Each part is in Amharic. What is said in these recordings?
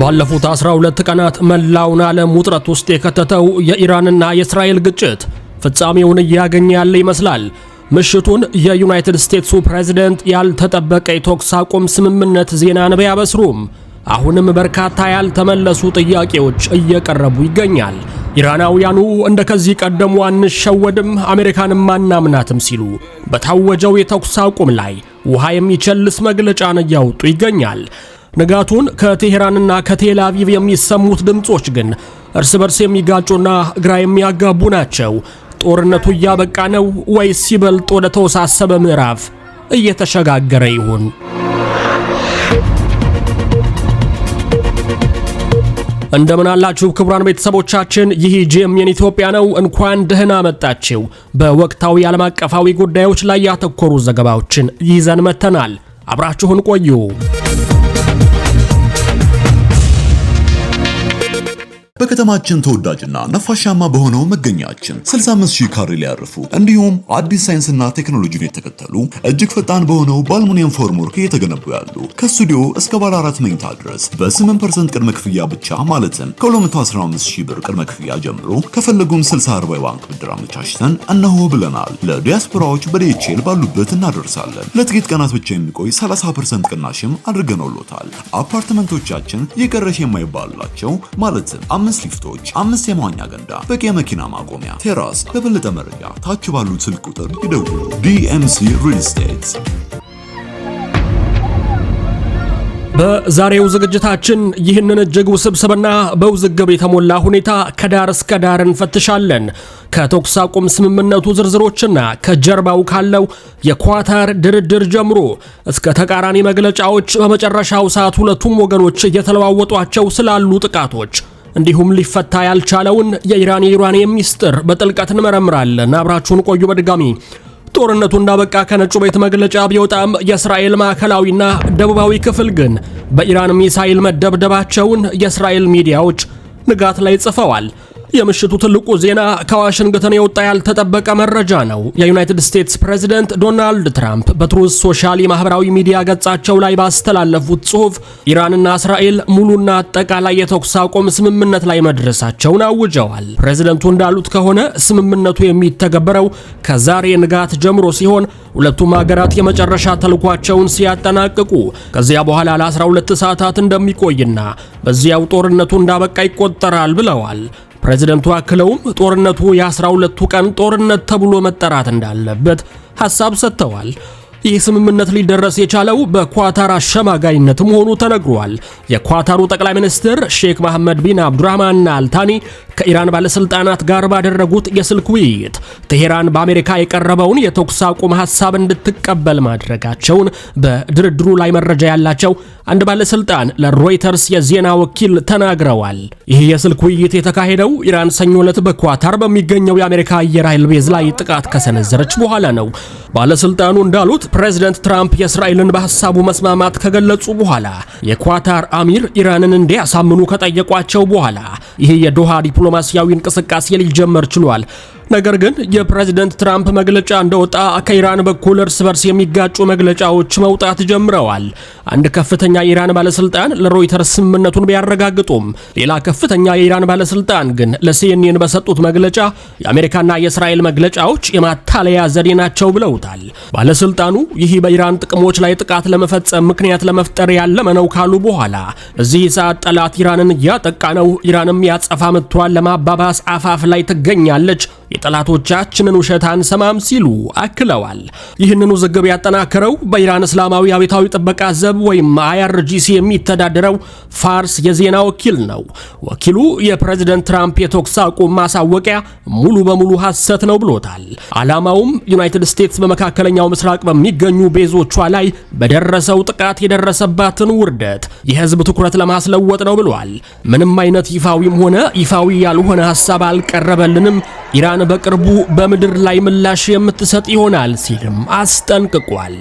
ባለፉት 12 ቀናት መላውን ዓለም ውጥረት ውስጥ የከተተው የኢራንና የእስራኤል ግጭት ፍጻሜውን እያገኘ ያለ ይመስላል። ምሽቱን የዩናይትድ ስቴትሱ ፕሬዝደንት ያልተጠበቀ የተኩስ አቁም ስምምነት ዜናን ቢያበስሩም አሁንም በርካታ ያልተመለሱ ጥያቄዎች እየቀረቡ ይገኛል። ኢራናውያኑ እንደ ከዚህ ቀደሙ አንሸወድም፣ አሜሪካንም አናምናትም ሲሉ በታወጀው የተኩስ አቁም ላይ ውሃ የሚቸልስ መግለጫን እያወጡ ይገኛል። ንጋቱን ከቴሄራንና ከቴል አቪቭ የሚሰሙት ድምጾች ግን እርስ በርስ የሚጋጩና ግራ የሚያጋቡ ናቸው። ጦርነቱ እያበቃ ነው ወይስ ይበልጥ ወደ ተወሳሰበ ምዕራፍ እየተሸጋገረ ይሆን? እንደምናላችሁ ክቡራን ቤተሰቦቻችን፣ ይህ ጂኤምኤን ኢትዮጵያ ነው። እንኳን ደህና መጣችሁ። በወቅታዊ ዓለም አቀፋዊ ጉዳዮች ላይ ያተኮሩ ዘገባዎችን ይዘን መተናል። አብራችሁን ቆዩ። በከተማችን ተወዳጅና ነፋሻማ በሆነው መገኛችን 65 ሺህ ካሬ ሊያርፉ እንዲሁም አዲስ ሳይንስና ቴክኖሎጂን የተከተሉ እጅግ ፈጣን በሆነው በአልሙኒየም ፎርምወርክ እየተገነቡ ያሉ ከስቱዲዮ እስከ ባለ አራት መኝታ ድረስ በ8% ቅድመ ክፍያ ብቻ ማለትም ከ215 ሺህ ብር ቅድመ ክፍያ ጀምሮ ከፈለጉም 60 40 ባንክ ብድር አመቻችተን እነሆ ብለናል። ለዲያስፖራዎች በዲኤችኤል ባሉበት እናደርሳለን። ለጥቂት ቀናት ብቻ የሚቆይ 30% ቅናሽም አድርገንሎታል። አፓርትመንቶቻችን የቀረሽ የማይባልላቸው ማለትም አምስት ሊፍቶች፣ አምስት የመዋኛ ገንዳ፣ በቂ የመኪና ማቆሚያ፣ ቴራስ። ለበለጠ መረጃ ታች ባሉ ስልክ ቁጥር ይደውሉ። ዲኤምሲ ሪል ስቴት። በዛሬው ዝግጅታችን ይህንን እጅግ ውስብስብና በውዝግብ የተሞላ ሁኔታ ከዳር እስከ ዳር እንፈትሻለን። ከተኩስ አቁም ስምምነቱ ዝርዝሮችና ከጀርባው ካለው የኳታር ድርድር ጀምሮ እስከ ተቃራኒ መግለጫዎች፣ በመጨረሻው ሰዓት ሁለቱም ወገኖች እየተለዋወጧቸው ስላሉ ጥቃቶች እንዲሁም ሊፈታ ያልቻለውን የኢራን የዩራኒየም ሚስጥር በጥልቀት እንመረምራለን። አብራችሁን ቆዩ። በድጋሚ ጦርነቱ እንዳበቃ ከነጩ ቤት መግለጫ ቢወጣም የእስራኤል ማዕከላዊና ደቡባዊ ክፍል ግን በኢራን ሚሳኤል መደብደባቸውን የእስራኤል ሚዲያዎች ንጋት ላይ ጽፈዋል። የምሽቱ ትልቁ ዜና ከዋሽንግተን የወጣ ያልተጠበቀ መረጃ ነው። የዩናይትድ ስቴትስ ፕሬዝደንት ዶናልድ ትራምፕ በትሩዝ ሶሻል የማህበራዊ ሚዲያ ገጻቸው ላይ ባስተላለፉት ጽሑፍ ኢራንና እስራኤል ሙሉና አጠቃላይ የተኩስ አቁም ስምምነት ላይ መድረሳቸውን አውጀዋል። ፕሬዝደንቱ እንዳሉት ከሆነ ስምምነቱ የሚተገበረው ከዛሬ ንጋት ጀምሮ ሲሆን ሁለቱም ሀገራት የመጨረሻ ተልኳቸውን ሲያጠናቅቁ ከዚያ በኋላ ለ12 ሰዓታት እንደሚቆይና በዚያው ጦርነቱ እንዳበቃ ይቆጠራል ብለዋል። ፕሬዝደንቱ አክለውም ጦርነቱ የአስራ ሁለቱ ቀን ጦርነት ተብሎ መጠራት እንዳለበት ሐሳብ ሰጥተዋል። ይህ ስምምነት ሊደረስ የቻለው በኳታር አሸማጋይነት መሆኑ ተነግሯል። የኳታሩ ጠቅላይ ሚኒስትር ሼክ መሐመድ ቢን አብዱራህማን አልታኒ ከኢራን ባለስልጣናት ጋር ባደረጉት የስልክ ውይይት ቴሄራን በአሜሪካ የቀረበውን የተኩስ አቁም ሀሳብ እንድትቀበል ማድረጋቸውን በድርድሩ ላይ መረጃ ያላቸው አንድ ባለስልጣን ለሮይተርስ የዜና ወኪል ተናግረዋል። ይህ የስልክ ውይይት የተካሄደው ኢራን ሰኞ ዕለት በኳታር በሚገኘው የአሜሪካ አየር ኃይል ቤዝ ላይ ጥቃት ከሰነዘረች በኋላ ነው። ባለስልጣኑ እንዳሉት ፕሬዝደንት ትራምፕ የእስራኤልን በሐሳቡ መስማማት ከገለጹ በኋላ የኳታር አሚር ኢራንን እንዲያሳምኑ ከጠየቋቸው በኋላ ይህ የዶሃ ዲፕሎማሲያዊ እንቅስቃሴ ሊጀመር ችሏል። ነገር ግን የፕሬዝደንት ትራምፕ መግለጫ እንደወጣ ከኢራን በኩል እርስ በርስ የሚጋጩ መግለጫዎች መውጣት ጀምረዋል። አንድ ከፍተኛ የኢራን ባለስልጣን ለሮይተርስ ስምምነቱን ቢያረጋግጡም ሌላ ከፍተኛ የኢራን ባለስልጣን ግን ለሲኤንኤን በሰጡት መግለጫ የአሜሪካና የእስራኤል መግለጫዎች የማታለያ ዘዴ ናቸው ብለውታል። ባለስልጣኑ ይህ በኢራን ጥቅሞች ላይ ጥቃት ለመፈጸም ምክንያት ለመፍጠር ያለመ ነው ካሉ በኋላ እዚህ ሰዓት ጠላት ኢራንን እያጠቃ ነው፣ ኢራንም ያጸፋ መጥቷል ለማባባስ አፋፍ ላይ ትገኛለች የጠላቶቻችንን ውሸት አንሰማም ሲሉ አክለዋል። ይህንን ውዝግብ ያጠናከረው በኢራን እስላማዊ አብዮታዊ ጥበቃ ዘብ ወይም አይአርጂሲ የሚተዳደረው ፋርስ የዜና ወኪል ነው። ወኪሉ የፕሬዝደንት ትራምፕ የተኩስ አቁም ማሳወቂያ ሙሉ በሙሉ ሐሰት ነው ብሎታል። ዓላማውም ዩናይትድ ስቴትስ በመካከለኛው ምስራቅ በሚገኙ ቤዞቿ ላይ በደረሰው ጥቃት የደረሰባትን ውርደት የህዝብ ትኩረት ለማስለወጥ ነው ብሏል። ምንም አይነት ይፋዊም ሆነ ይፋዊ ያልሆነ ሀሳብ አልቀረበልንም ኢራን በቅርቡ በምድር ላይ ምላሽ የምትሰጥ ይሆናል ሲልም አስጠንቅቋል።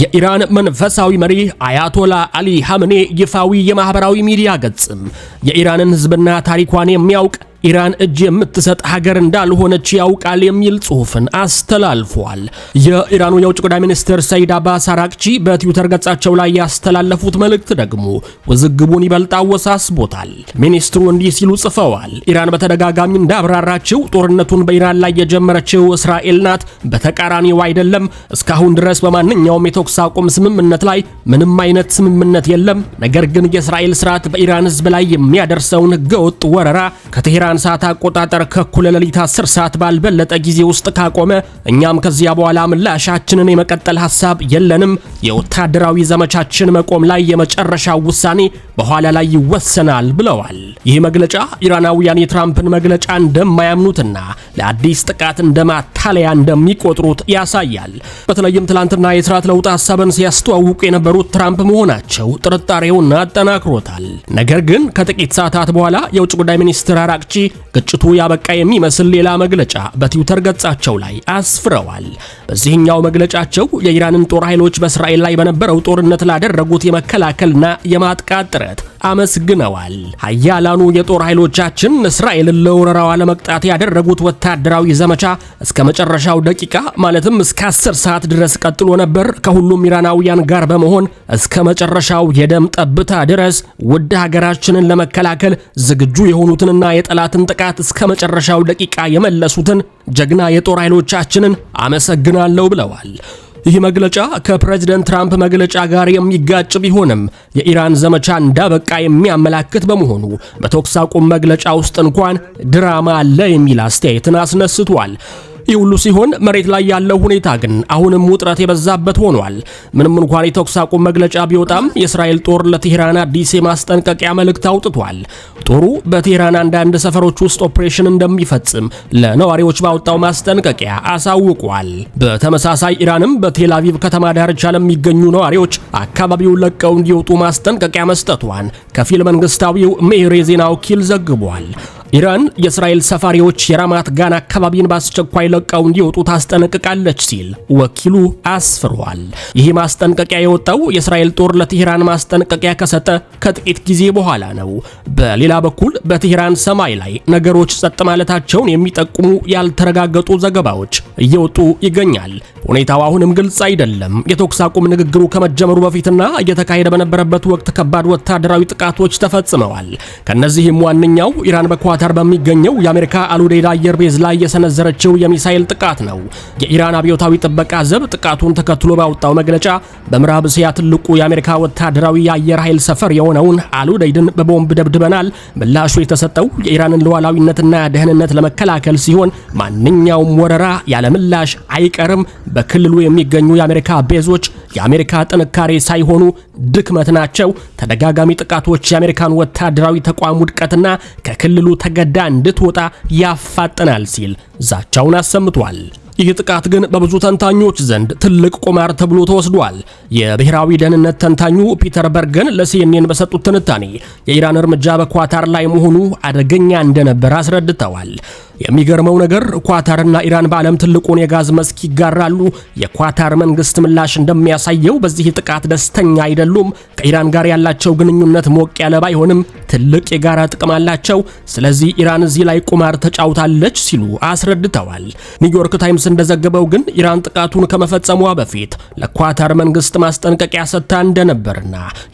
የኢራን መንፈሳዊ መሪ አያቶላ አሊ ሐምኔ ይፋዊ የማህበራዊ ሚዲያ ገጽም የኢራንን ህዝብና ታሪኳን የሚያውቅ ኢራን እጅ የምትሰጥ ሀገር እንዳልሆነች ያውቃል የሚል ጽሁፍን አስተላልፏል። የኢራኑ የውጭ ጉዳይ ሚኒስትር ሰይድ አባስ አራቅቺ በትዊተር ገጻቸው ላይ ያስተላለፉት መልእክት ደግሞ ውዝግቡን ይበልጥ አወሳስቦታል። ሚኒስትሩ እንዲህ ሲሉ ጽፈዋል። ኢራን በተደጋጋሚ እንዳብራራችው ጦርነቱን በኢራን ላይ የጀመረችው እስራኤል ናት፣ በተቃራኒው አይደለም። እስካሁን ድረስ በማንኛውም የተኩስ አቁም ስምምነት ላይ ምንም አይነት ስምምነት የለም። ነገር ግን የእስራኤል ስርዓት በኢራን ህዝብ ላይ የሚያደርሰውን ህገወጥ ወረራ ከቴህራን በኢትዮጵያን ሰዓት አቆጣጠር ከኩለ ሌሊት 10 ሰዓት ባልበለጠ ጊዜ ውስጥ ካቆመ እኛም ከዚያ በኋላ ምላሻችንን የመቀጠል ሀሳብ የለንም። የወታደራዊ ዘመቻችን መቆም ላይ የመጨረሻ ውሳኔ በኋላ ላይ ይወሰናል ብለዋል። ይህ መግለጫ ኢራናውያን የትራምፕን መግለጫ እንደማያምኑትና ለአዲስ ጥቃት እንደማታለያ እንደሚቆጥሩት ያሳያል። በተለይም ትላንትና የስርዓት ለውጥ ሀሳብን ሲያስተዋውቁ የነበሩት ትራምፕ መሆናቸው ጥርጣሬውን አጠናክሮታል። ነገር ግን ከጥቂት ሰዓታት በኋላ የውጭ ጉዳይ ሚኒስትር አራቅቺ ግጭቱ ያበቃ የሚመስል ሌላ መግለጫ በትዊተር ገጻቸው ላይ አስፍረዋል። በዚህኛው መግለጫቸው የኢራንን ጦር ኃይሎች በእስራኤል ላይ በነበረው ጦርነት ላደረጉት የመከላከልና የማጥቃት ጥረት አመስግነዋል። ኃያላኑ የጦር ኃይሎቻችን እስራኤልን ለወረራዋ ለመቅጣት ያደረጉት ወታደራዊ ዘመቻ እስከ መጨረሻው ደቂቃ ማለትም እስከ 10 ሰዓት ድረስ ቀጥሎ ነበር። ከሁሉም ኢራናውያን ጋር በመሆን እስከ መጨረሻው የደም ጠብታ ድረስ ውድ ሀገራችንን ለመከላከል ዝግጁ የሆኑትንና የጠላትን ጥቃት እስከ መጨረሻው ደቂቃ የመለሱትን ጀግና የጦር ኃይሎቻችንን አመሰግናለሁ ብለዋል። ይህ መግለጫ ከፕሬዝደንት ትራምፕ መግለጫ ጋር የሚጋጭ ቢሆንም የኢራን ዘመቻ እንዳበቃ የሚያመላክት በመሆኑ በተኩስ አቁም መግለጫ ውስጥ እንኳን ድራማ አለ የሚል አስተያየትን አስነስቷል። ይህ ሁሉ ሲሆን መሬት ላይ ያለው ሁኔታ ግን አሁንም ውጥረት የበዛበት ሆኗል። ምንም እንኳን የተኩስ አቁም መግለጫ ቢወጣም የእስራኤል ጦር ለቴህራን አዲስ የማስጠንቀቂያ መልእክት አውጥቷል። ጦሩ በቴህራን አንዳንድ ሰፈሮች ውስጥ ኦፕሬሽን እንደሚፈጽም ለነዋሪዎች ባወጣው ማስጠንቀቂያ አሳውቋል። በተመሳሳይ ኢራንም በቴል አቪቭ ከተማ ዳርቻ ለሚገኙ ነዋሪዎች አካባቢውን ለቀው እንዲወጡ ማስጠንቀቂያ መስጠቷን ከፊል መንግስታዊው ሜሄር የዜና ወኪል ዘግቧል። ኢራን የእስራኤል ሰፋሪዎች የራማት ጋን አካባቢን በአስቸኳይ ለቀው እንዲወጡ ታስጠነቅቃለች ሲል ወኪሉ አስፍሯል። ይህ ማስጠንቀቂያ የወጣው የእስራኤል ጦር ለቴህራን ማስጠንቀቂያ ከሰጠ ከጥቂት ጊዜ በኋላ ነው። በሌላ በኩል በቴህራን ሰማይ ላይ ነገሮች ጸጥ ማለታቸውን የሚጠቁሙ ያልተረጋገጡ ዘገባዎች እየወጡ ይገኛል። ሁኔታው አሁንም ግልጽ አይደለም። የተኩስ አቁም ንግግሩ ከመጀመሩ በፊትና እየተካሄደ በነበረበት ወቅት ከባድ ወታደራዊ ጥቃቶች ተፈጽመዋል። ከነዚህም ዋነኛው ኢራን በኳታ ሴንተር በሚገኘው የአሜሪካ አልኡዴይድ አየር ቤዝ ላይ የሰነዘረችው የሚሳኤል ጥቃት ነው። የኢራን አብዮታዊ ጥበቃ ዘብ ጥቃቱን ተከትሎ ባወጣው መግለጫ በምዕራብ እስያ ትልቁ የአሜሪካ ወታደራዊ የአየር ኃይል ሰፈር የሆነውን አሉዴድን በቦምብ ደብድበናል። ምላሹ የተሰጠው የኢራንን ሉዓላዊነትና ደህንነት ለመከላከል ሲሆን ማንኛውም ወረራ ያለ ምላሽ አይቀርም። በክልሉ የሚገኙ የአሜሪካ ቤዞች የአሜሪካ ጥንካሬ ሳይሆኑ ድክመት ናቸው። ተደጋጋሚ ጥቃቶች የአሜሪካን ወታደራዊ ተቋም ውድቀትና ከክልሉ ተገዳ እንድትወጣ ያፋጥናል ሲል ዛቻውን አሰምቷል። ይህ ጥቃት ግን በብዙ ተንታኞች ዘንድ ትልቅ ቁማር ተብሎ ተወስዷል። የብሔራዊ ደህንነት ተንታኙ ፒተር በርገን ለሲኤንኤን በሰጡት ትንታኔ የኢራን እርምጃ በኳታር ላይ መሆኑ አደገኛ እንደነበር አስረድተዋል። የሚገርመው ነገር ኳታርና ኢራን በዓለም ትልቁን የጋዝ መስክ ይጋራሉ። የኳታር መንግስት ምላሽ እንደሚያሳየው በዚህ ጥቃት ደስተኛ አይደሉም። ከኢራን ጋር ያላቸው ግንኙነት ሞቅ ያለ ባይሆንም ትልቅ የጋራ ጥቅም አላቸው። ስለዚህ ኢራን እዚህ ላይ ቁማር ተጫውታለች ሲሉ አስረድተዋል። ኒውዮርክ ታይምስ እንደዘገበው ግን ኢራን ጥቃቱን ከመፈጸሟ በፊት ለኳታር መንግስት ማስጠንቀቂያ ሰጥታ እንደነበርና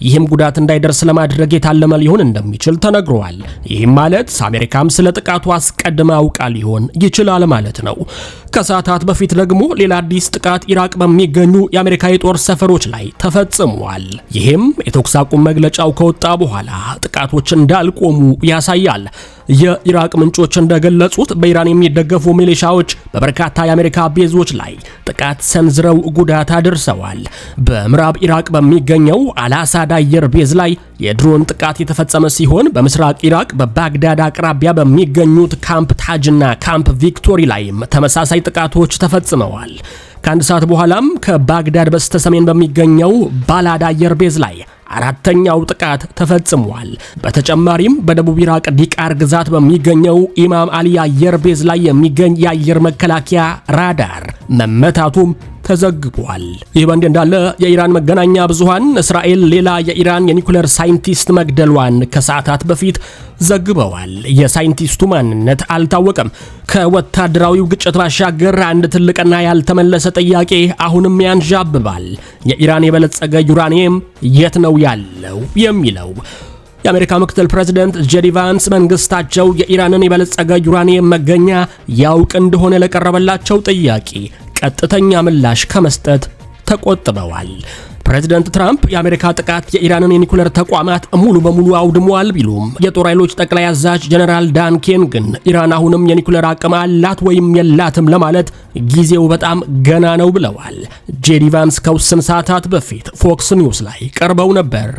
ይህም ጉዳት እንዳይደርስ ለማድረግ የታለመ ሊሆን እንደሚችል ተነግሯል። ይህም ማለት አሜሪካም ስለ ጥቃቱ አስቀድማ አውቀ ሊሆን ይችላል ማለት ነው። ከሰዓታት በፊት ደግሞ ሌላ አዲስ ጥቃት ኢራቅ በሚገኙ የአሜሪካ የጦር ሰፈሮች ላይ ተፈጽሟል። ይህም የተኩስ አቁም መግለጫው ከወጣ በኋላ ጥቃቶች እንዳልቆሙ ያሳያል። የኢራቅ ምንጮች እንደገለጹት በኢራን የሚደገፉ ሚሊሻዎች በበርካታ የአሜሪካ ቤዞች ላይ ጥቃት ሰንዝረው ጉዳት አድርሰዋል። በምዕራብ ኢራቅ በሚገኘው አልአሳድ አየር ቤዝ ላይ የድሮን ጥቃት የተፈጸመ ሲሆን በምስራቅ ኢራቅ በባግዳድ አቅራቢያ በሚገኙት ካምፕ ታጅና ካምፕ ቪክቶሪ ላይም ተመሳሳይ ጥቃቶች ተፈጽመዋል። ከአንድ ሰዓት በኋላም ከባግዳድ በስተሰሜን በሚገኘው ባላድ አየር ቤዝ ላይ አራተኛው ጥቃት ተፈጽሟል። በተጨማሪም በደቡብ ኢራቅ ዲቃር ግዛት በሚገኘው ኢማም አሊ አየር ቤዝ ላይ የሚገኝ የአየር መከላከያ ራዳር መመታቱም ተዘግቧል። ይህ በእንዲህ እንዳለ የኢራን መገናኛ ብዙሃን እስራኤል ሌላ የኢራን የኒኩሌር ሳይንቲስት መግደሏን ከሰዓታት በፊት ዘግበዋል። የሳይንቲስቱ ማንነት አልታወቀም። ከወታደራዊው ግጭት ባሻገር አንድ ትልቅና ያልተመለሰ ጥያቄ አሁንም ያንዣብባል። የኢራን የበለጸገ ዩራኒየም የት ነው ያለው የሚለው የአሜሪካ ምክትል ፕሬዚደንት ጄዲ ቫንስ መንግስታቸው የኢራንን የበለጸገ ዩራኒየም መገኛ ያውቅ እንደሆነ ለቀረበላቸው ጥያቄ ቀጥተኛ ምላሽ ከመስጠት ተቆጥበዋል። ፕሬዚደንት ትራምፕ የአሜሪካ ጥቃት የኢራንን የኒኩለር ተቋማት ሙሉ በሙሉ አውድሟል ቢሉም የጦር ኃይሎች ጠቅላይ አዛዥ ጀነራል ዳን ኬን ግን ኢራን አሁንም የኒኩለር አቅም አላት ወይም የላትም ለማለት ጊዜው በጣም ገና ነው ብለዋል። ጄዲ ቫንስ ከውስን ሰዓታት በፊት ፎክስ ኒውስ ላይ ቀርበው ነበር።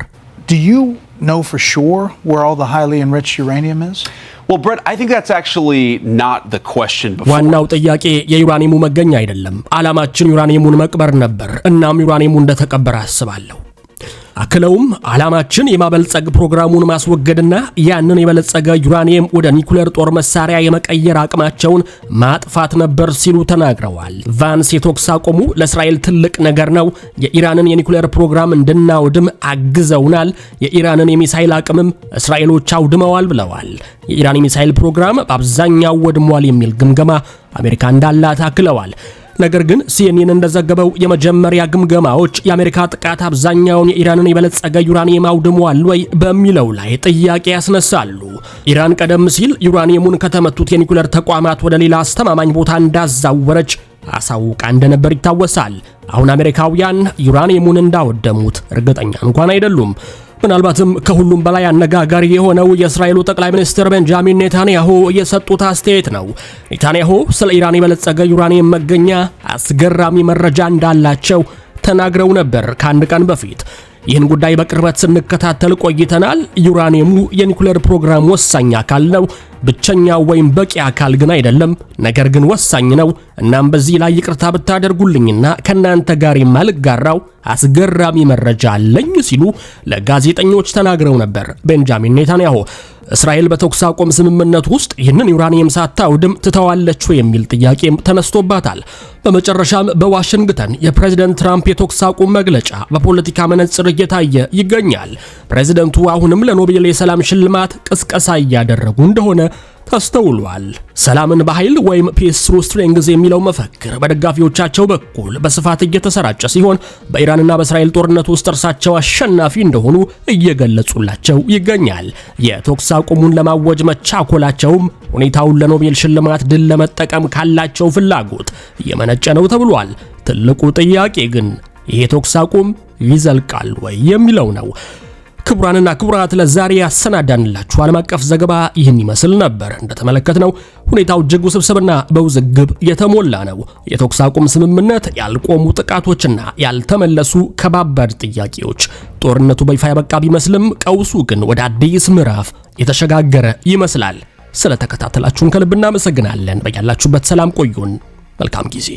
know for sure where all the highly enriched uranium is? Well, Brett, I think that's actually not the question before. ዋናው ጥያቄ የዩራኒየሙ መገኛ አይደለም። ዓላማችን ዩራኒየሙን መቅበር ነበር። እናም ዩራኒየሙ እንደተቀበረ አስባለሁ። አክለውም ዓላማችን የማበልጸግ ፕሮግራሙን ማስወገድና ያንን የበለጸገ ዩራኒየም ወደ ኒኩሌር ጦር መሳሪያ የመቀየር አቅማቸውን ማጥፋት ነበር ሲሉ ተናግረዋል። ቫንስ የተኩስ አቁሙ ለእስራኤል ትልቅ ነገር ነው፣ የኢራንን የኒኩሌር ፕሮግራም እንድናውድም አግዘውናል፣ የኢራንን የሚሳይል አቅምም እስራኤሎች አውድመዋል ብለዋል። የኢራን የሚሳይል ፕሮግራም በአብዛኛው ወድሟል የሚል ግምገማ አሜሪካ እንዳላት አክለዋል። ነገር ግን ሲኤንኤን እንደዘገበው የመጀመሪያ ግምገማዎች የአሜሪካ ጥቃት አብዛኛውን የኢራንን የበለጸገ ዩራኒየም አውድሟል ወይ በሚለው ላይ ጥያቄ ያስነሳሉ። ኢራን ቀደም ሲል ዩራኒየሙን ከተመቱት የኒኩለር ተቋማት ወደ ሌላ አስተማማኝ ቦታ እንዳዛወረች አሳውቃ እንደነበር ይታወሳል። አሁን አሜሪካውያን ዩራኒየሙን እንዳወደሙት እርግጠኛ እንኳን አይደሉም። ምናልባትም ከሁሉም በላይ አነጋጋሪ የሆነው የእስራኤሉ ጠቅላይ ሚኒስትር ቤንጃሚን ኔታንያሁ የሰጡት አስተያየት ነው። ኔታንያሁ ስለ ኢራን የበለጸገ ዩራኒየም መገኛ አስገራሚ መረጃ እንዳላቸው ተናግረው ነበር ከአንድ ቀን በፊት ይህን ጉዳይ በቅርበት ስንከታተል ቆይተናል። ዩራኒየሙ የኒኩሌር ፕሮግራም ወሳኝ አካል ነው። ብቸኛው ወይም በቂ አካል ግን አይደለም፣ ነገር ግን ወሳኝ ነው። እናም በዚህ ላይ ይቅርታ ብታደርጉልኝና ከእናንተ ጋር የማልጋራው አስገራሚ መረጃ አለኝ ሲሉ ለጋዜጠኞች ተናግረው ነበር ቤንጃሚን ኔታንያሁ። እስራኤል በተኩስ አቁም ስምምነት ውስጥ ይህንን ዩራኒየም ሳታውድም ትተዋለችው የሚል ጥያቄም ተነስቶባታል። በመጨረሻም በዋሽንግተን የፕሬዝደንት ትራምፕ የተኩስ አቁም መግለጫ በፖለቲካ መነጽር እየታየ ይገኛል። ፕሬዝደንቱ አሁንም ለኖቤል የሰላም ሽልማት ቅስቀሳ እያደረጉ እንደሆነ ተስተውሏል። ሰላምን በኃይል ወይም ፒስ ትሩ ስትሬንግዝ የሚለው መፈክር በደጋፊዎቻቸው በኩል በስፋት እየተሰራጨ ሲሆን በኢራንና በእስራኤል ጦርነት ውስጥ እርሳቸው አሸናፊ እንደሆኑ እየገለጹላቸው ይገኛል። የተኩስ አቁሙን ለማወጅ መቻኮላቸውም ሁኔታውን ለኖቤል ሽልማት ድል ለመጠቀም ካላቸው ፍላጎት የመነ የመነጨ ነው ተብሏል። ትልቁ ጥያቄ ግን ይሄ ተኩስ አቁም ይዘልቃል ወይ የሚለው ነው። ክቡራንና ክቡራት ለዛሬ ያሰናዳንላችሁ ዓለም አቀፍ ዘገባ ይህን ይመስል ነበር። እንደተመለከትነው ሁኔታው እጅግ ውስብስብና በውዝግብ የተሞላ ነው። የተኩስ አቁም ስምምነት፣ ያልቆሙ ጥቃቶችና ያልተመለሱ ከባባድ ጥያቄዎች። ጦርነቱ በይፋ ያበቃ ቢመስልም ቀውሱ ግን ወደ አዲስ ምዕራፍ የተሸጋገረ ይመስላል። ስለተከታተላችሁን ከልብ እናመሰግናለን። በያላችሁበት ሰላም ቆዩን። መልካም ጊዜ